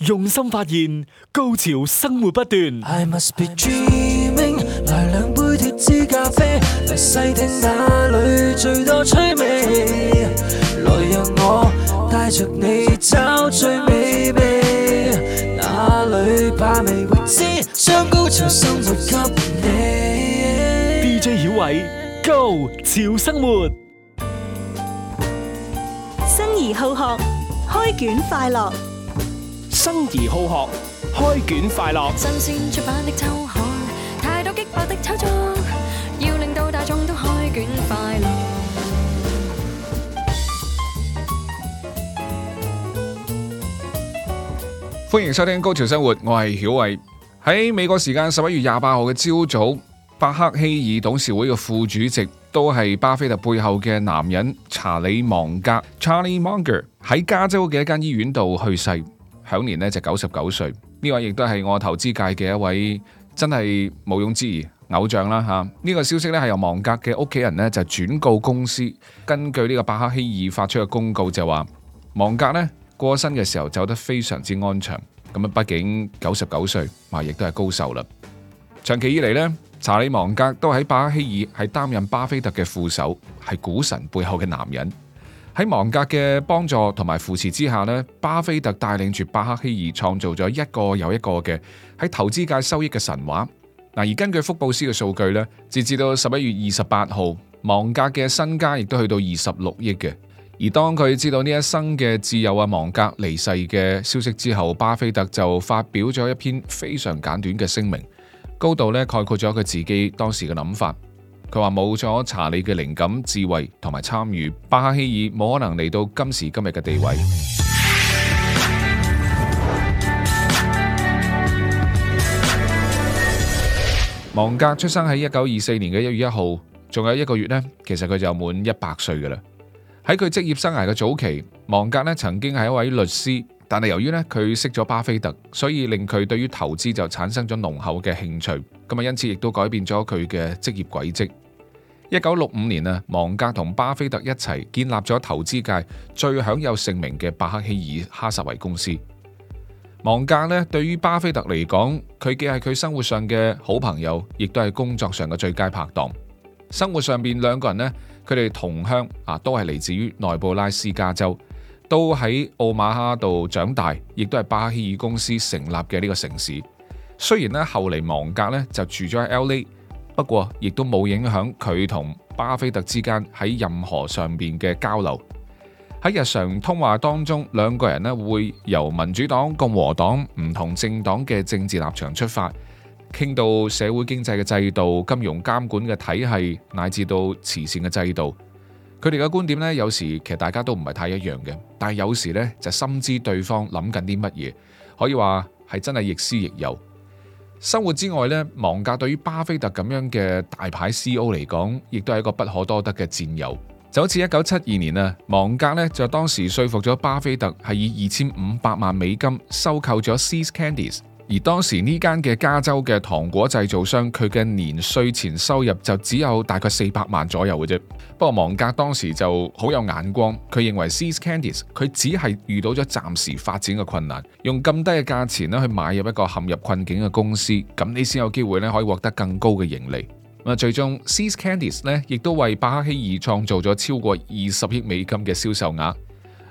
用心發現，高潮生活不斷。I must be dreaming，來兩杯鐵咖啡，來細聽哪裏最多趣味，來讓我帶著你找最美味，哪裏怕未知，將高潮生活給你。DJ 小偉，Go 潮生活，生而好學，開卷快樂。生而好學，開卷快樂。新鮮出版的周刊，太多激爆的抽作，要令到大眾都開卷快樂。歡迎收聽高潮生活，我係曉慧。喺美國時間十一月廿八號嘅朝早，巴克希爾董事會嘅副主席，都係巴菲特背後嘅男人查理芒格 （Charlie Munger） 喺加州嘅一間醫院度去世。享年咧就九十九歲，呢位亦都係我投資界嘅一位真係毋庸置疑偶像啦嚇。呢、這個消息咧係由芒格嘅屋企人咧就轉告公司，根據呢個巴克希爾發出嘅公告就話，芒格咧過身嘅時候走得非常之安詳。咁啊，畢竟九十九歲啊，亦都係高壽啦。長期以嚟咧，查理芒格都喺巴克希爾係擔任巴菲特嘅副手，係股神背後嘅男人。喺芒格嘅幫助同埋扶持之下咧，巴菲特帶領住巴克希爾創造咗一個又一個嘅喺投資界收益嘅神話。嗱，而根據福布斯嘅數據咧，截至到十一月二十八號，芒格嘅身家亦都去到二十六億嘅。而當佢知道呢一生嘅摯友啊，芒格離世嘅消息之後，巴菲特就發表咗一篇非常簡短嘅聲明，高度咧概括咗佢自己當時嘅諗法。佢話冇咗查理嘅靈感、智慧同埋參與，巴克希爾冇可能嚟到今時今日嘅地位。芒格出生喺一九二四年嘅一月一號，仲有一個月呢，其實佢就滿一百歲噶啦。喺佢職業生涯嘅早期，芒格呢曾經係一位律師，但係由於呢佢識咗巴菲特，所以令佢對於投資就產生咗濃厚嘅興趣，咁啊，因此亦都改變咗佢嘅職業軌跡。一九六五年啊，芒格同巴菲特一齊建立咗投資界最享有盛名嘅巴克希爾哈撒維公司。芒格咧，對於巴菲特嚟講，佢既係佢生活上嘅好朋友，亦都係工作上嘅最佳拍檔。生活上邊兩個人咧，佢哋同鄉啊，都係嚟自於內布拉斯加州，都喺奧馬哈度長大，亦都係巴克希爾公司成立嘅呢個城市。雖然咧，後嚟芒格咧就住咗喺 LA。不過，亦都冇影響佢同巴菲特之間喺任何上邊嘅交流。喺日常通話當中，兩個人呢會由民主黨、共和黨唔同政黨嘅政治立場出發，傾到社會經濟嘅制度、金融監管嘅體系，乃至到慈善嘅制度。佢哋嘅觀點呢，有時其實大家都唔係太一樣嘅，但係有時呢，就深知對方諗緊啲乜嘢，可以話係真係亦師亦友。生活之外咧，芒格對於巴菲特咁樣嘅大牌 CEO 嚟講，亦都係一個不可多得嘅戰友。就好似一九七二年啊，芒格咧，就當時說服咗巴菲特係以二千五百萬美金收購咗 See's Candies。而當時呢間嘅加州嘅糖果製造商，佢嘅年稅前收入就只有大概四百萬左右嘅啫。不過，芒格當時就好有眼光，佢認為 See's Candies 佢只係遇到咗暫時發展嘅困難，用咁低嘅價錢咧去買入一個陷入困境嘅公司，咁你先有機會咧可以獲得更高嘅盈利。咁最終 See's Candies 呢亦都為巴克希爾創造咗超過二十億美金嘅銷售額。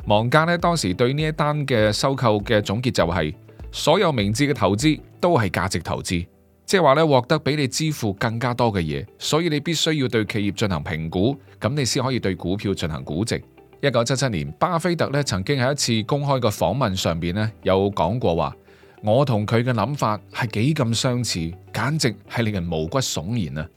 芒格咧當時對呢一單嘅收購嘅總結就係：所有明智嘅投資都係價值投資，即係話咧獲得比你支付更加多嘅嘢，所以你必須要對企業進行評估，咁你先可以對股票進行估值。一九七七年，巴菲特咧曾經喺一次公開嘅訪問上邊咧有講過話，我同佢嘅諗法係幾咁相似，簡直係令人毛骨悚然啊！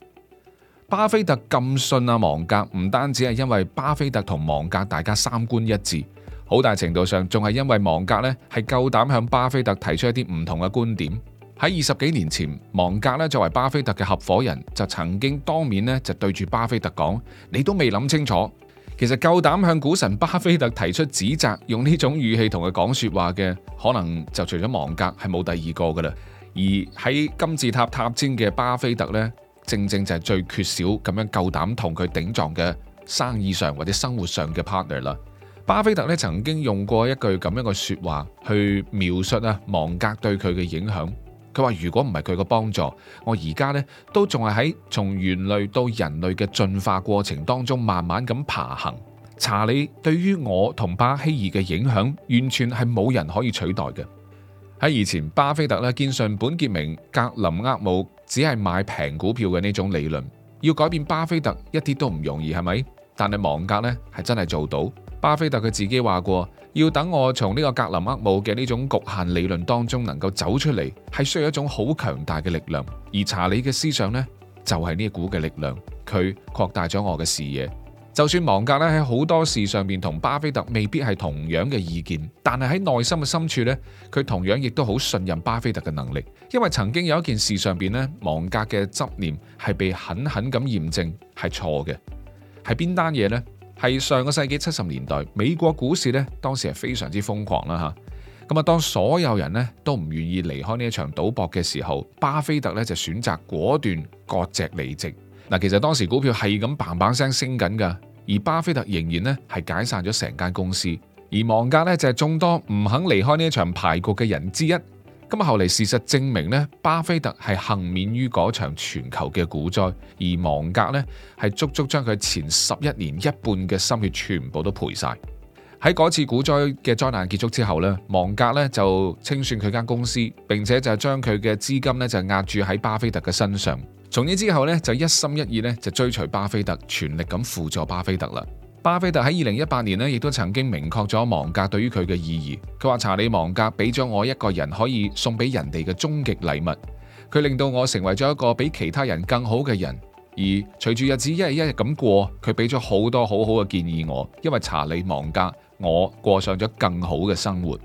巴菲特咁信阿、啊、芒格，唔單止係因為巴菲特同芒格大家三觀一致。好大程度上仲係因為芒格呢係夠膽向巴菲特提出一啲唔同嘅觀點。喺二十幾年前，芒格呢作為巴菲特嘅合夥人就曾經當面呢就對住巴菲特講：你都未諗清楚。其實夠膽向股神巴菲特提出指責，用呢種語氣同佢講說話嘅，可能就除咗芒格係冇第二個噶啦。而喺金字塔塔尖嘅巴菲特呢，正正就係最缺少咁樣夠膽同佢頂撞嘅生意上或者生活上嘅 partner 啦。巴菲特咧曾經用過一句咁樣嘅說話去描述啊，芒格對佢嘅影響。佢話如果唔係佢個幫助，我而家咧都仲係喺從猿類到人類嘅進化過程當中慢慢咁爬行。查理對於我同巴希爾嘅影響，完全係冇人可以取代嘅。喺以前，巴菲特咧堅信本傑明格林厄姆只係買平股票嘅呢種理論，要改變巴菲特一啲都唔容易，係咪？但係芒格咧係真係做到。巴菲特佢自己話過，要等我從呢個格林厄姆嘅呢種局限理論當中能夠走出嚟，係需要一種好強大嘅力量。而查理嘅思想呢，就係呢股嘅力量，佢擴大咗我嘅視野。就算芒格咧喺好多事上邊同巴菲特未必係同樣嘅意見，但係喺內心嘅深處呢，佢同樣亦都好信任巴菲特嘅能力。因為曾經有一件事上邊呢，芒格嘅執念係被狠狠咁驗證係錯嘅，係邊單嘢呢？係上個世紀七十年代，美國股市咧，當時係非常之瘋狂啦嚇。咁啊，當所有人咧都唔願意離開呢場賭博嘅時候，巴菲特咧就選擇果斷割席離席。嗱，其實當時股票係咁棒棒聲升緊嘅，而巴菲特仍然咧係解散咗成間公司，而芒格呢就係眾多唔肯離開呢一場牌局嘅人之一。咁啊，後嚟事實證明呢，巴菲特係幸免於嗰場全球嘅股災，而芒格呢係足足將佢前十一年一半嘅心血全部都賠晒。喺嗰次股災嘅災難結束之後呢，芒格呢就清算佢間公司，並且就將佢嘅資金呢就壓住喺巴菲特嘅身上。從此之後呢，就一心一意呢就追隨巴菲特，全力咁輔助巴菲特啦。巴菲特喺二零一八年呢，亦都曾經明確咗芒格對於佢嘅意義。佢話，查理芒格俾咗我一個人可以送俾人哋嘅終極禮物，佢令到我成為咗一個比其他人更好嘅人。而隨住日子一日一日咁過，佢俾咗好多好好嘅建議我。因為查理芒格，我過上咗更好嘅生活。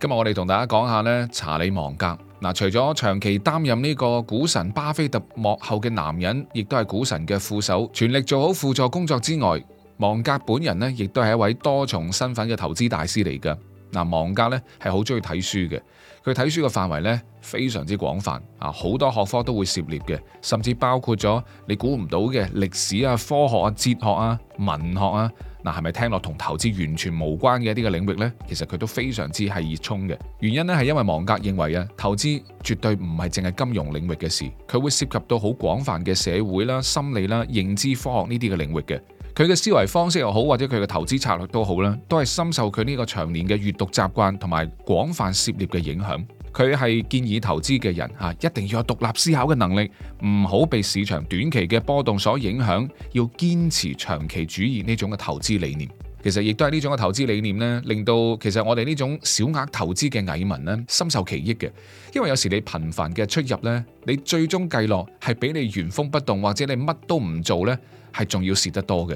今日我哋同大家講下呢查理芒格嗱，除咗長期擔任呢個股神巴菲特幕後嘅男人，亦都係股神嘅副手，全力做好輔助工作之外。芒格本人呢亦都係一位多重身份嘅投資大師嚟噶。嗱，芒格呢係好中意睇書嘅，佢睇書嘅範圍呢非常之廣泛啊，好多學科都會涉獵嘅，甚至包括咗你估唔到嘅歷史啊、科學啊、哲學啊、文學啊。嗱，係咪聽落同投資完全無關嘅一啲嘅領域呢？其實佢都非常之係熱衷嘅，原因呢係因為芒格認為啊，投資絕對唔係淨係金融領域嘅事，佢會涉及到好廣泛嘅社會啦、心理啦、認知科學呢啲嘅領域嘅。佢嘅思維方式又好，或者佢嘅投資策略都好啦，都係深受佢呢個長年嘅閱讀習慣同埋廣泛涉獵嘅影響。佢係建議投資嘅人哋一定要有獨立思考嘅能力，唔好被市場短期嘅波動所影響，要堅持長期主義呢種嘅投資理念。其實亦都係呢種嘅投資理念咧，令到其實我哋呢種小額投資嘅蟻民咧，深受其益嘅。因為有時你頻繁嘅出入咧，你最終計落係比你原封不動或者你乜都唔做咧，係仲要蝕得多嘅。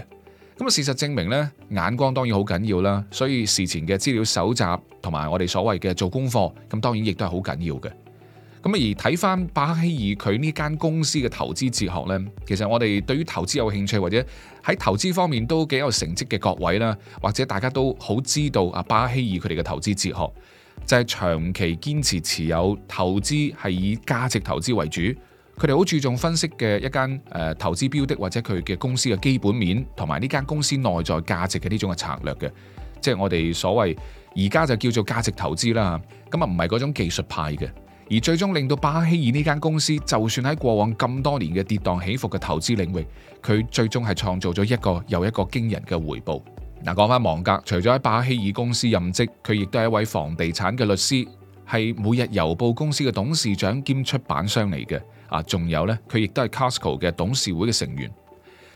咁啊，事實證明咧，眼光當然好緊要啦。所以事前嘅資料搜集同埋我哋所謂嘅做功課，咁當然亦都係好緊要嘅。咁而睇翻巴克希爾佢呢間公司嘅投資哲學呢，其實我哋對於投資有興趣或者喺投資方面都幾有成績嘅各位啦，或者大家都好知道啊，巴克希爾佢哋嘅投資哲學就係、是、長期堅持持有投資，係以價值投資為主。佢哋好注重分析嘅一間誒投資標的或者佢嘅公司嘅基本面同埋呢間公司內在價值嘅呢種嘅策略嘅，即、就、係、是、我哋所謂而家就叫做價值投資啦。咁啊，唔係嗰種技術派嘅。而最終令到巴克希爾呢間公司，就算喺過往咁多年嘅跌宕起伏嘅投資領域，佢最終係創造咗一個又一個驚人嘅回報。嗱，講翻芒格，除咗喺巴克希爾公司任職，佢亦都係一位房地產嘅律師，係每日郵報公司嘅董事長兼出版商嚟嘅。啊，仲有呢，佢亦都係 Costco 嘅董事會嘅成員。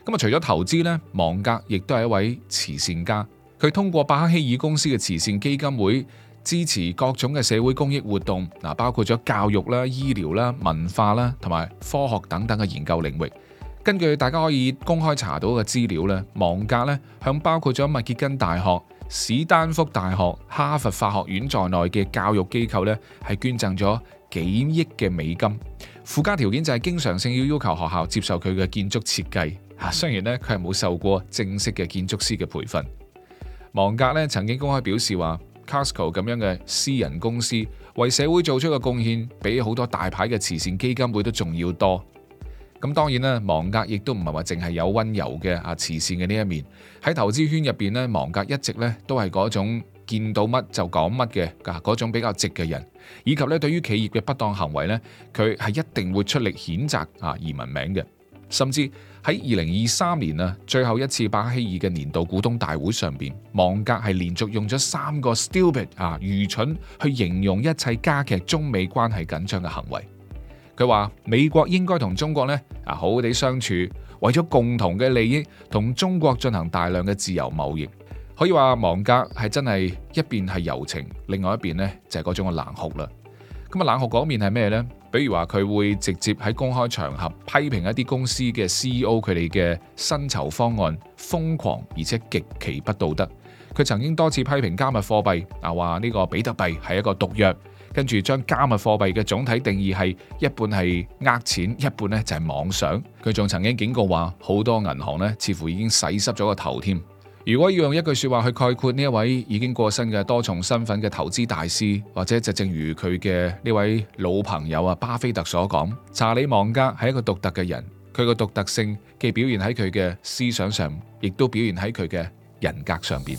咁啊，除咗投資呢，芒格亦都係一位慈善家，佢通過巴克希爾公司嘅慈善基金會，支持各種嘅社會公益活動，嗱，包括咗教育啦、醫療啦、文化啦，同埋科學等等嘅研究領域。根據大家可以公開查到嘅資料咧，芒格咧向包括咗密歇根大學、史丹福大學、哈佛法學院在內嘅教育機構咧，係捐贈咗幾億嘅美金。附加條件就係經常性要要求學校接受佢嘅建築設計。嚇，雖然呢，佢係冇受過正式嘅建築師嘅培訓，芒格呢曾經公開表示話，Costco 咁樣嘅私人公司為社會做出嘅貢獻，比好多大牌嘅慈善基金會都仲要多。咁當然啦，芒格亦都唔係話淨係有溫柔嘅啊慈善嘅呢一面。喺投資圈入邊呢，芒格一直呢都係嗰種見到乜就講乜嘅，吓嗰種比較直嘅人。以及呢對於企業嘅不當行為呢，佢係一定會出力譴責啊而聞名嘅。甚至喺二零二三年啊，最後一次伯克希爾嘅年度股東大會上邊，芒格係連續用咗三個 stupid 啊，愚蠢去形容一切加劇中美關係緊張嘅行為。佢話美國應該同中國呢啊好好哋相處，為咗共同嘅利益同中國進行大量嘅自由貿易。可以話，芒格係真係一邊係柔情，另外一邊呢就係嗰種嘅冷酷啦。咁啊，冷酷嗰一面係咩呢？比如話佢會直接喺公開場合批評一啲公司嘅 CEO 佢哋嘅薪酬方案，瘋狂而且極其不道德。佢曾經多次批評加密貨幣，嗱話呢個比特幣係一個毒藥，跟住將加密貨幣嘅總體定義係一半係呃錢，一半呢就係妄想。佢仲曾經警告話好多銀行呢似乎已經洗濕咗個頭添。如果要用一句說話去概括呢一位已經過身嘅多重身份嘅投資大師，或者就正如佢嘅呢位老朋友啊巴菲特所講，查理芒格係一個獨特嘅人，佢個獨特性既表現喺佢嘅思想上，亦都表現喺佢嘅人格上邊。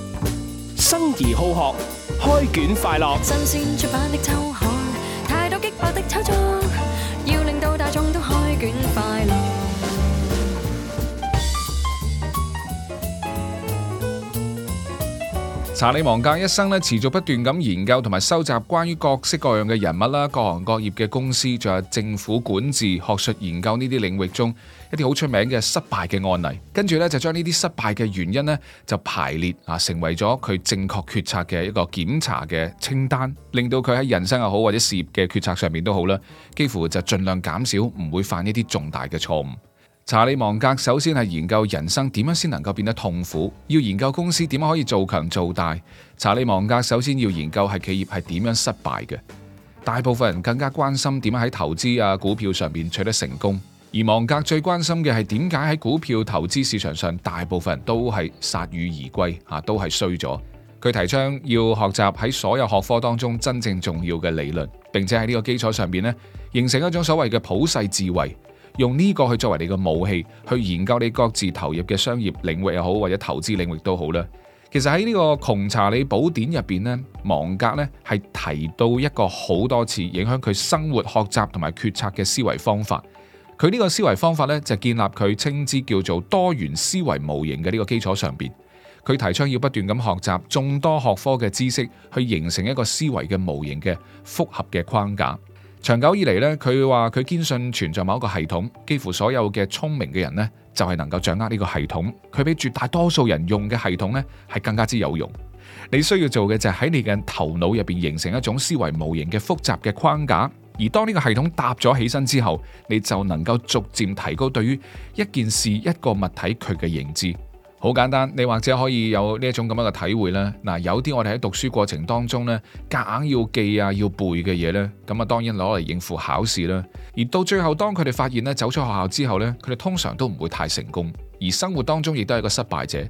生而好學，開卷快樂。新鮮出版的周刊，太多激烈的炒作，要令到大眾都開卷快樂。查理芒格一生咧，持續不斷咁研究同埋收集關於各式各樣嘅人物啦，各行各業嘅公司，仲有政府管治、學術研究呢啲領域中，一啲好出名嘅失敗嘅案例，跟住咧就將呢啲失敗嘅原因呢，就排列啊，成為咗佢正確決策嘅一個檢查嘅清單，令到佢喺人生又好或者事業嘅決策上面都好啦，幾乎就盡量減少唔會犯呢啲重大嘅錯誤。查理芒格首先係研究人生點樣先能夠變得痛苦，要研究公司點樣可以做強做大。查理芒格首先要研究係企業係點樣失敗嘅，大部分人更加關心點樣喺投資啊股票上面取得成功。而芒格最關心嘅係點解喺股票投資市場上，大部分人都係鎩羽而歸，啊，都係衰咗。佢提倡要學習喺所有學科當中真正重要嘅理論，並且喺呢個基礎上邊呢，形成一種所謂嘅普世智慧，用呢個去作為你嘅武器，去研究你各自投入嘅商業領域又好，或者投資領域都好啦。其實喺呢個《窮查理寶典》入邊呢，芒格呢係提到一個好多次影響佢生活、學習同埋決策嘅思維方法。佢呢個思維方法咧，就建立佢稱之叫做多元思維模型嘅呢個基礎上邊，佢提倡要不斷咁學習眾多學科嘅知識，去形成一個思維嘅模型嘅複合嘅框架。長久以嚟咧，佢話佢堅信存在某一個系統，幾乎所有嘅聰明嘅人呢，就係能夠掌握呢個系統。佢比絕大多數人用嘅系統呢，係更加之有用。你需要做嘅就係喺你嘅頭腦入邊形成一種思維模型嘅複雜嘅框架。而當呢個系統搭咗起身之後，你就能夠逐漸提高對於一件事、一個物體佢嘅認知。好簡單，你或者可以有呢一種咁樣嘅體會啦。嗱，有啲我哋喺讀書過程當中呢，夾硬要記啊要背嘅嘢呢，咁啊當然攞嚟應付考試啦。而到最後，當佢哋發現呢，走出學校之後呢，佢哋通常都唔會太成功，而生活當中亦都係個失敗者。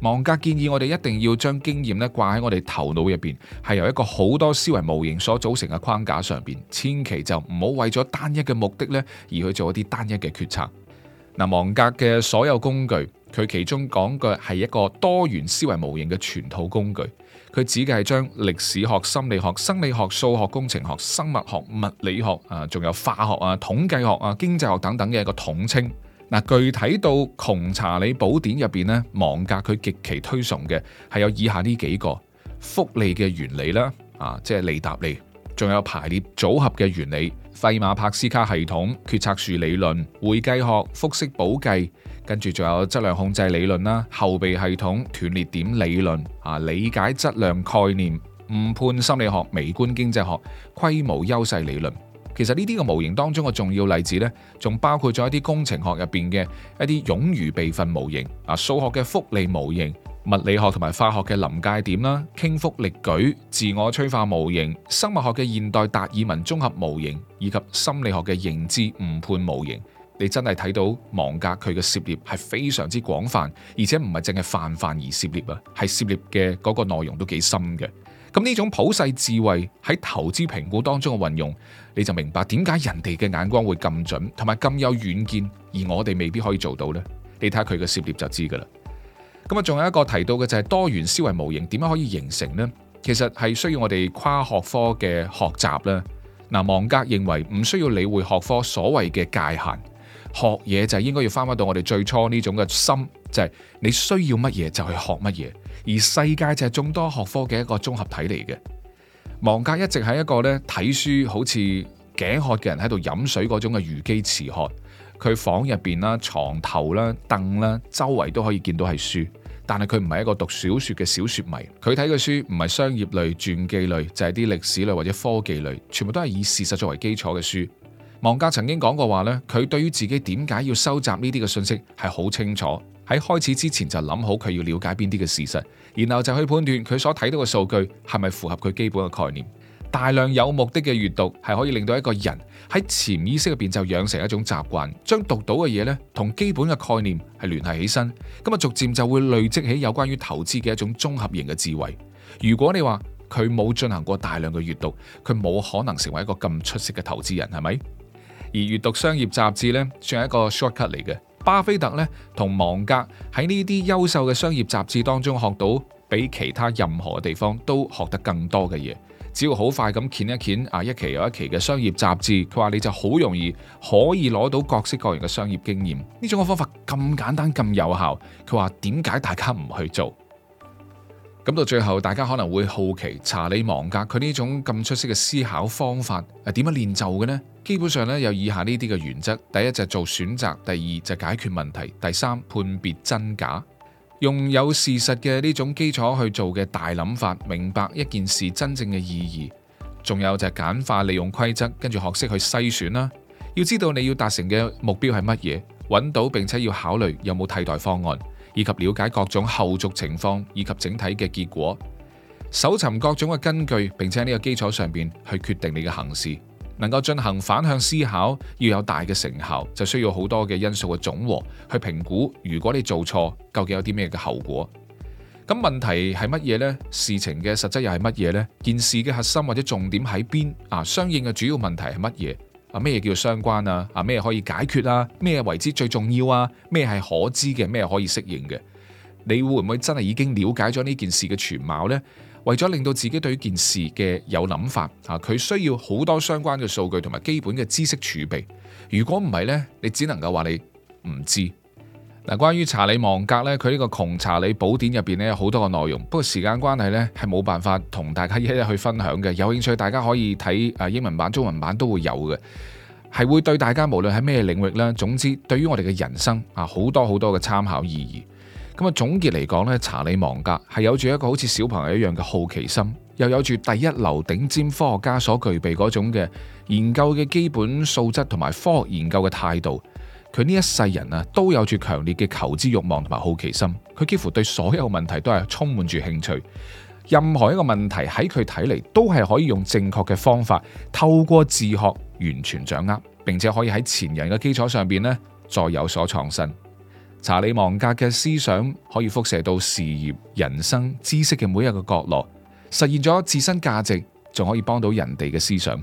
芒格建議我哋一定要將經驗咧掛喺我哋頭腦入面，係由一個好多思維模型所組成嘅框架上面。千祈就唔好為咗單一嘅目的咧而去做一啲單一嘅決策。嗱，芒格嘅所有工具，佢其中講嘅係一個多元思維模型嘅全套工具，佢指嘅係將歷史學、心理學、生理學、數學、工程學、生物學、物理學啊，仲有化學啊、統計學啊、經濟學等等嘅一個統稱。嗱，具體到《窮查理寶典》入邊呢，芒格佢極其推崇嘅係有以下呢幾個複利嘅原理啦，啊，即係利疊利，仲有排列組合嘅原理、費馬帕斯卡系統、決策樹理論、會計學、複式簿記，跟住仲有質量控制理論啦、後備系統斷裂點理論，啊，理解質量概念、誤判心理學、微觀經濟學、規模優勢理論。其實呢啲個模型當中嘅重要例子呢，仲包括咗一啲工程學入邊嘅一啲冗餘備份模型、啊數學嘅複利模型、物理學同埋化學嘅臨界點啦、傾覆力矩、自我催化模型、生物學嘅現代達爾文綜合模型，以及心理學嘅認知誤判模型。你真係睇到芒格佢嘅涉獵係非常之廣泛，而且唔係淨係泛泛而涉獵啊，係涉獵嘅嗰個內容都幾深嘅。咁呢種普世智慧喺投資評估當中嘅運用，你就明白點解人哋嘅眼光會咁準同埋咁有遠見，而我哋未必可以做到呢？你睇下佢嘅涉獵就知噶啦。咁啊，仲有一個提到嘅就係多元思維模型點樣可以形成呢？其實係需要我哋跨學科嘅學習啦。嗱，芒格認為唔需要理會學科所謂嘅界限。學嘢就係應該要翻返到我哋最初呢種嘅心，就係你需要乜嘢就去學乜嘢，而世界就係眾多學科嘅一個綜合體嚟嘅。芒格一直係一個咧睇書好似頸渴嘅人喺度飲水嗰種嘅如飢似渴，佢房入邊啦、床頭啦、凳啦，周圍都可以見到係書，但係佢唔係一個讀小說嘅小說迷，佢睇嘅書唔係商業類、傳記類，就係、是、啲歷史類或者科技類，全部都係以事實作為基礎嘅書。芒格曾經講過話咧，佢對於自己點解要收集呢啲嘅信息係好清楚，喺開始之前就諗好佢要了解邊啲嘅事實，然後就去判斷佢所睇到嘅數據係咪符合佢基本嘅概念。大量有目的嘅閱讀係可以令到一個人喺潛意識入邊就養成一種習慣，將讀到嘅嘢咧同基本嘅概念係聯繫起身，咁啊逐漸就會累積起有關於投資嘅一種綜合型嘅智慧。如果你話佢冇進行過大量嘅閱讀，佢冇可能成為一個咁出色嘅投資人，係咪？而閱讀商業雜誌呢，算係一個 shortcut 嚟嘅。巴菲特呢，同芒格喺呢啲優秀嘅商業雜誌當中學到，比其他任何地方都學得更多嘅嘢。只要好快咁撿一撿啊，一期又一期嘅商業雜誌，佢話你就好容易可以攞到各式各樣嘅商業經驗。呢種嘅方法咁簡單咁有效，佢話點解大家唔去做？咁到最後，大家可能會好奇查理芒格佢呢種咁出色嘅思考方法係點樣練就嘅呢？基本上咧有以下呢啲嘅原則：第一就係做選擇，第二就係解決問題，第三判別真假，用有事實嘅呢種基礎去做嘅大諗法，明白一件事真正嘅意義。仲有就係簡化，利用規則，跟住學識去篩選啦。要知道你要達成嘅目標係乜嘢，揾到並且要考慮有冇替代方案。以及了解各種後續情況以及整體嘅結果，搜尋各種嘅根據，並且喺呢個基礎上面去決定你嘅行事，能夠進行反向思考，要有大嘅成效，就需要好多嘅因素嘅總和去評估。如果你做錯，究竟有啲咩嘅後果？咁問題係乜嘢呢？事情嘅實質又係乜嘢呢？件事嘅核心或者重點喺邊啊？相應嘅主要問題係乜嘢？啊咩叫相關啊？啊咩可以解決啊？咩為之最重要啊？咩係可知嘅？咩可以適應嘅？你會唔會真係已經了解咗呢件事嘅全貌呢？為咗令到自己對這件事嘅有諗法，啊佢需要好多相關嘅數據同埋基本嘅知識儲備。如果唔係呢，你只能夠話你唔知。嗱，關於查理芒格咧，佢呢個《窮查理寶典》入邊呢有好多個內容，不過時間關係呢係冇辦法同大家一一去分享嘅。有興趣大家可以睇啊英文版、中文版都會有嘅，係會對大家無論喺咩領域啦，總之對於我哋嘅人生啊好多好多嘅參考意義。咁啊總結嚟講呢，查理芒格係有住一個好似小朋友一樣嘅好奇心，又有住第一流頂尖科學家所具備嗰種嘅研究嘅基本素質同埋科學研究嘅態度。佢呢一世人啊，都有住強烈嘅求知欲望同埋好奇心。佢幾乎對所有問題都係充滿住興趣。任何一個問題喺佢睇嚟，都係可以用正確嘅方法透過自學完全掌握，並且可以喺前人嘅基礎上邊呢，再有所創新。查理芒格嘅思想可以輻射到事業、人生、知識嘅每一個角落，實現咗自身價值，仲可以幫到人哋嘅思想。